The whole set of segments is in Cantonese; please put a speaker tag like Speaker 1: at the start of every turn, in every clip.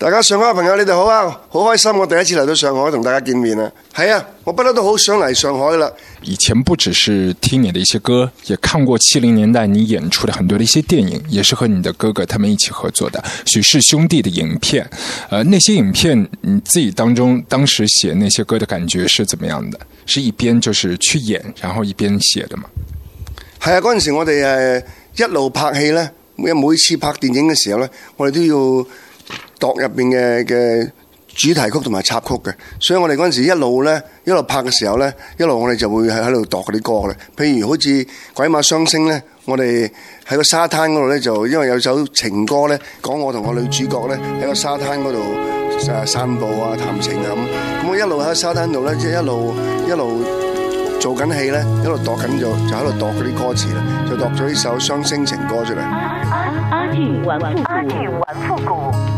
Speaker 1: 大家上海嘅朋友，你哋好啊！好開
Speaker 2: 心，我第一次嚟到上海同大家見面啊！係啊，我一直都好想嚟上海啦！
Speaker 1: 以前不只是聽你的一些歌，也看過七零年代你演出的很多的一些電影，也是和你的哥哥他們一起合作的許氏兄弟的影片。誒、呃，那些影片你自己當中當時寫那些歌的感覺是怎麼樣的？的是一邊就是去演，然後一邊寫的嗎？
Speaker 2: 係啊，嗰陣時我哋誒、呃、一路拍戲咧，因為每次拍電影嘅時候咧，我哋都要。度入邊嘅嘅主題曲同埋插曲嘅，所以我哋嗰陣時一路咧，一路拍嘅時候咧，一路我哋就會喺喺度度嗰啲歌咧。譬如好似鬼馬雙星咧，我哋喺個沙灘嗰度咧，就因為有首情歌咧，講我同個女主角咧喺個沙灘嗰度散步啊談情啊咁。咁、嗯、我一路喺沙灘度咧，即係一路一路做緊戲咧，一路度緊就就喺度度嗰啲歌詞咧，就度咗呢首雙星情歌出嚟，啊。啊
Speaker 3: 阿峻玩復古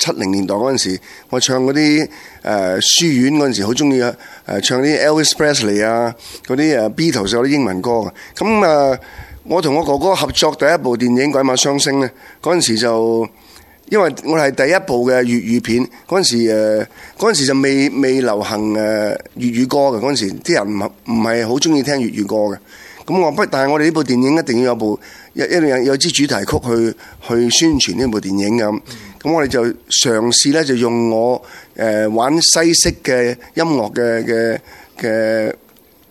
Speaker 2: 七零年代嗰陣時，我唱嗰啲誒書院嗰陣時，好中意啊！誒唱啲 Elvis Presley 啊，嗰啲誒 Beatles 有啲英文歌啊。咁啊、呃，我同我哥哥合作第一部電影《鬼馬雙星》咧，嗰陣時就因為我係第一部嘅粵語片，嗰陣時誒，嗰陣時就未未流行誒粵語歌嘅，嗰陣時啲人唔唔係好中意聽粵語歌嘅。咁我不但係我哋呢部電影一定要有部。有一一樣有支主題曲去去宣傳呢部電影咁。咁我哋就嘗試咧，就用我誒玩西式嘅音樂嘅嘅嘅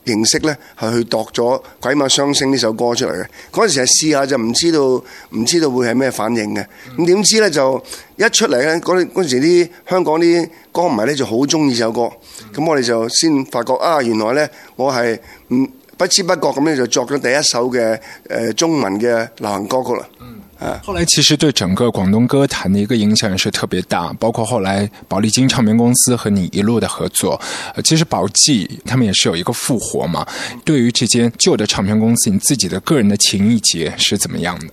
Speaker 2: 形式咧，係去度咗《鬼馬雙星》呢首歌出嚟嘅。嗰陣時係試下就唔知道唔知道會係咩反應嘅，咁點知咧就一出嚟咧，嗰嗰陣時啲香港啲歌迷係咧就好中意首歌，咁我哋就先發覺啊，原來咧我係唔～不知不覺咁咧就作咗第一首嘅誒、呃、中文嘅流行歌曲啦。
Speaker 1: 嗯，啊，後來其實對整個廣東歌壇嘅一個影響是特別大，包括後來寶麗金唱片公司和你一路的合作。其實寶記，他們也是有一個復活嘛。嗯、對於這間舊的唱片公司，你自己的個人的情意結是怎麼樣的？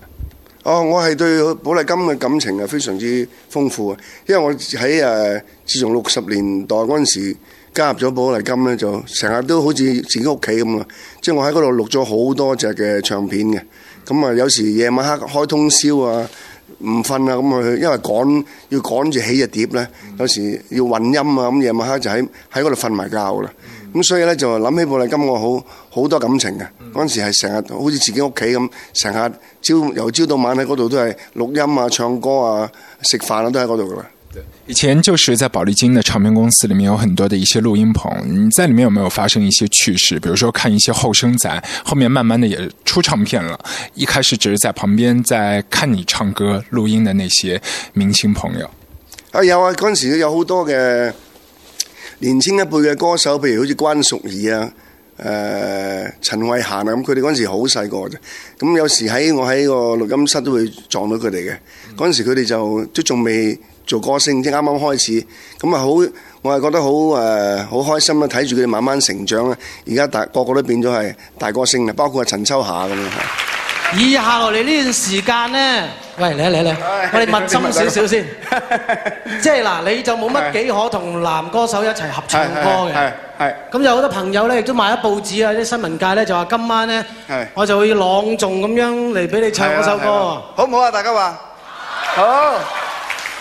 Speaker 2: 哦，我係對寶麗金嘅感情啊非常之豐富啊，因為我喺誒自從六十年代嗰陣時。加入咗寶麗金咧，就成日都好似自己屋企咁啊！即係我喺嗰度錄咗好多隻嘅唱片嘅，咁啊，有時夜晚黑開通宵啊，唔瞓啊，咁啊，因為趕要趕住起隻碟咧，有時要混音啊，咁夜晚黑就喺喺嗰度瞓埋覺啦。咁所以咧就諗起寶麗金，我好好多感情嘅。嗰陣時係成日好似自己屋企咁，成日朝由朝到晚喺嗰度都係錄音啊、唱歌啊、食飯啊，都喺嗰度嘅。
Speaker 1: 以前就是在寶麗金的唱片公司裏面有很多的一些錄音棚，你在裏面有沒有發生一些趣事？比如說看一些後生仔後面慢慢的也出唱片了，一開始只是在旁邊在看你唱歌錄音的那些明星朋友
Speaker 2: 啊，有啊，嗰陣時有好多嘅年輕一輩嘅歌手，譬如好似關淑怡啊、誒、呃、陳慧嫻啊咁，佢哋嗰陣時好細個啫。咁有時喺我喺個錄音室都會撞到佢哋嘅，嗰陣時佢哋就都仲未。做歌星即啱啱開始，咁啊好，我係覺得好誒，好開心啦！睇住佢哋慢慢成長啊！而家大個個都變咗係大歌星啊，包括阿陳秋霞咁。
Speaker 4: 以下落嚟呢段時間咧，喂，嚟嚟嚟，我哋密斟少少先，即係嗱，你就冇乜幾可同男歌手一齊合唱歌嘅。係係係。咁有好多朋友咧，亦都買咗報紙啊，啲新聞界咧就話今晚咧，我就會朗誦咁樣嚟俾你
Speaker 3: 唱嗰首歌，
Speaker 2: 好唔好啊？大家話好。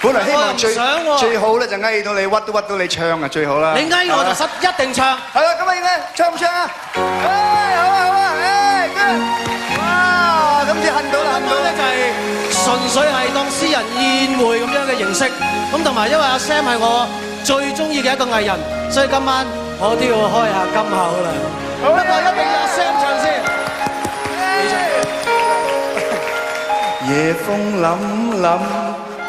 Speaker 2: 本嚟希望最最好咧，就嗌到你屈都屈到你唱啊，最好啦！你嗌我就
Speaker 5: 一定唱。係啦，咁我應該唱唔唱啊？好啊，好啊，好啊，跟
Speaker 3: 住哇，今次恨到啦！恨到咧就係純粹係當私人宴
Speaker 4: 會咁樣嘅形式。咁同埋因為阿 Sam 係我最中意嘅一個藝人，所以今晚我都要開下金口啦。好，不過一定要阿 Sam 唱先。
Speaker 3: 夜風凜凜。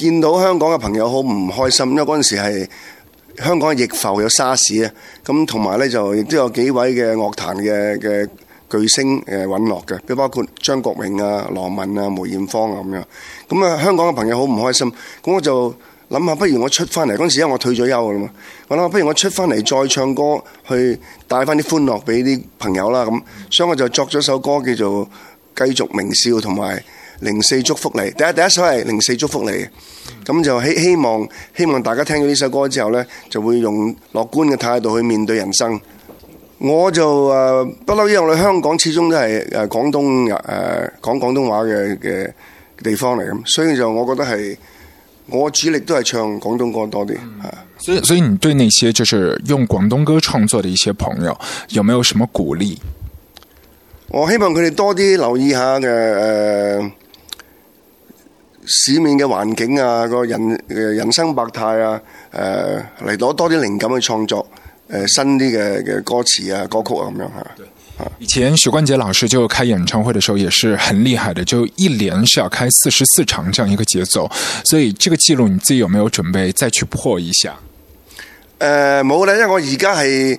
Speaker 2: 見到香港嘅朋友好唔開心，因為嗰陣時係香港嘅逆浮有沙士，啊，咁同埋咧就亦都有幾位嘅樂壇嘅嘅巨星誒殞落嘅，譬如包括張國榮啊、羅文啊、梅艷芳啊咁樣。咁啊，香港嘅朋友好唔開心。咁我就諗下，不如我出翻嚟嗰陣時，因為我退咗休啊嘛。我諗不如我出翻嚟再唱歌，去帶翻啲歡樂俾啲朋友啦。咁，所以我就作咗首歌叫做《繼續微笑》同埋，零四祝福你，第一第一首係零四祝福你，咁就希希望希望大家聽到呢首歌之後呢，就會用樂觀嘅態度去面對人生。我就不嬲，啊、因為我哋香港始終都係誒廣東人誒、啊、講廣東話嘅嘅地方嚟，咁所以就我覺得係我主力都係唱廣東歌多啲
Speaker 1: 嚇、嗯。所以所以你對那些就是用廣東歌創作的一些朋友，有沒有什麼鼓勵？
Speaker 2: 我希望佢哋多啲留意下嘅、呃市面嘅環境啊，個人嘅人生百態啊，誒嚟攞多啲靈感去創作，誒、呃、新啲嘅嘅歌詞啊，歌曲啊。咁
Speaker 1: 樣吓。對，啊，以前許冠傑老師就開演唱會嘅時候，也是很厲害嘅，就一連是要開四十四場這樣一個節奏，所以這個記錄你自己有沒有準備再去破一下？
Speaker 2: 誒、呃，冇啦，因為我而家係。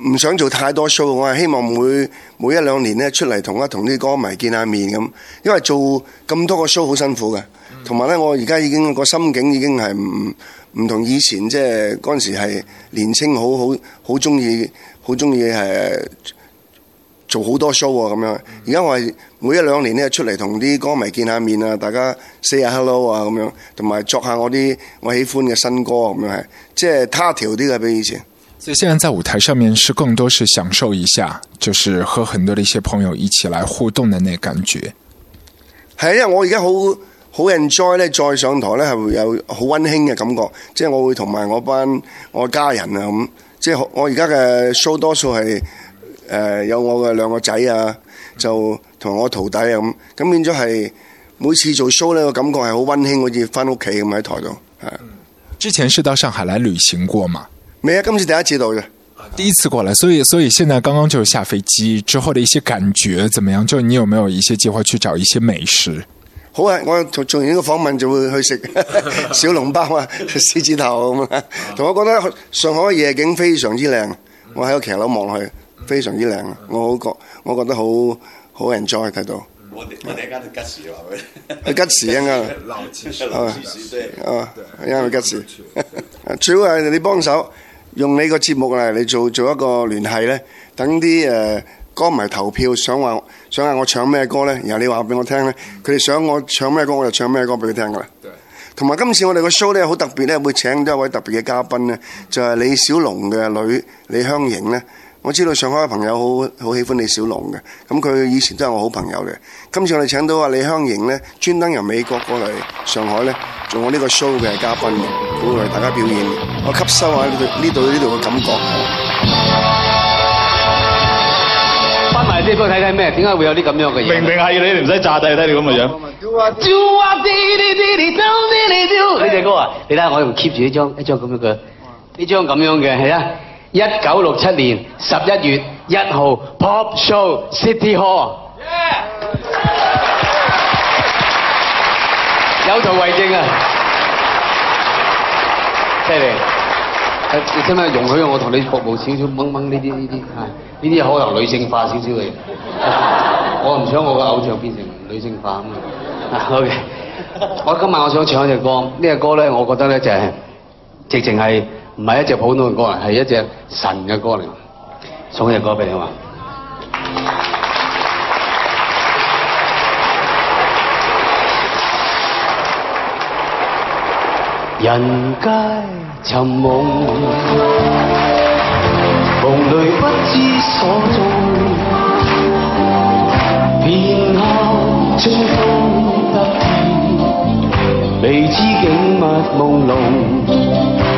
Speaker 2: 唔想做太多 show，我係希望每每一兩年咧出嚟同一，同啲歌迷見下面咁。因為做咁多個 show 好辛苦嘅，同埋咧我而家已經個心境已經係唔唔同以前，即係嗰陣時係年青，好好好中意，好中意係做好多 show 咁樣。而、嗯、家我係每一兩年咧出嚟同啲歌迷見下面啊，大家 say 下 hello 啊咁樣，同埋作下我啲我喜歡嘅新歌咁樣係，即、就、係、是、他條啲嘅比以前。
Speaker 1: 所以現在在舞台上面是更多是享受一下，就是和很多的一些朋友一起來互動的那感覺。
Speaker 2: 係啊，我而家好好 enjoy 咧，再上台咧係會有好溫馨嘅感覺。即係我會同埋我班我家人啊咁，即係我而家嘅 show 多數係誒有我嘅兩個仔啊，就同我徒弟啊咁，咁變咗係每次做 show 咧個感覺係好溫馨，好似翻屋企咁喺台度。
Speaker 1: 係之前是到上海來旅行過嘛？未啊，今次第一次到嘅。第一次過嚟。所以所以現在剛剛就下飛機之後的一些感覺怎麼樣？就你有沒有一些計劃去找一些美食？
Speaker 2: 好啊，我做完呢個訪問就會去食小籠包啊、獅 子頭咁同 我覺得上海嘅夜景非常之靚，嗯，我喺個騎樓望落去非常之靚。嗯。我好覺，我覺得好好 enjoy 睇到。
Speaker 5: 我我哋家間吉時話佢吉時啊嘛，啊，啊因為吉時
Speaker 2: 最好係你幫手。 用呢個節目嚟你做做一個聯繫呢，等啲誒歌迷投票想，想話想嗌我唱咩歌呢？然後你話俾我聽呢，佢哋想我唱咩歌，我就唱咩歌俾佢聽噶啦。同埋今次我哋個 show 呢，好特別呢，會請咗一位特別嘅嘉賓呢，就係、是、李小龍嘅女李香凝呢。我知道上海嘅朋友好好喜歡李小龍嘅，咁佢以前都係我好朋友嘅。今次我哋請到阿李香凝咧，專登由美國過嚟上海咧，做我呢個 show 嘅嘉賓嘅，會為大家表演。我吸收下呢度呢度嘅感覺。翻埋啲
Speaker 4: 歌睇睇咩？點解會有啲咁樣嘅嘢？明明係你，唔使炸低睇你咁嘅樣。呢隻歌啊，你睇下我用 keep 住呢張，一張咁樣嘅，呢張咁樣嘅係啊。一九六七年十一月一號，Pop Show City Hall，yeah！ 有圖為證啊！犀利， 啊，你，你。誒，請唔請容許我同你服務少少掹掹呢啲呢啲係呢啲可能女性化少少嚟。 我唔想我嘅偶像變成女性化咁啊。好 ，okay，我今晚我想唱一隻歌，歌呢隻歌咧，我覺得咧就係、是、直情係。唔係一隻普通嘅歌，嚟，係一隻神嘅歌嚟。送隻歌俾你好嘛？人皆尋夢，夢裏不知
Speaker 6: 所蹤。
Speaker 4: 片刻春風得意，未知景物朦朧。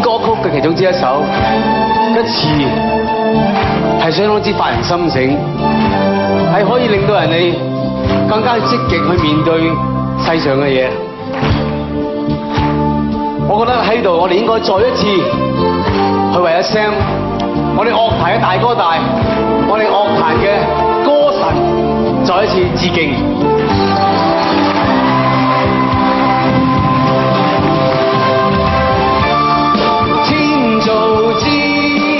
Speaker 4: 歌曲嘅其中之一首，一詞係相當之發人心醒，係可以令到人哋更加積極去面對世上嘅嘢。我覺得喺度，我哋應該再一次去為阿 Sam 我哋樂壇嘅大哥大，我哋樂壇嘅歌神再一次致敬。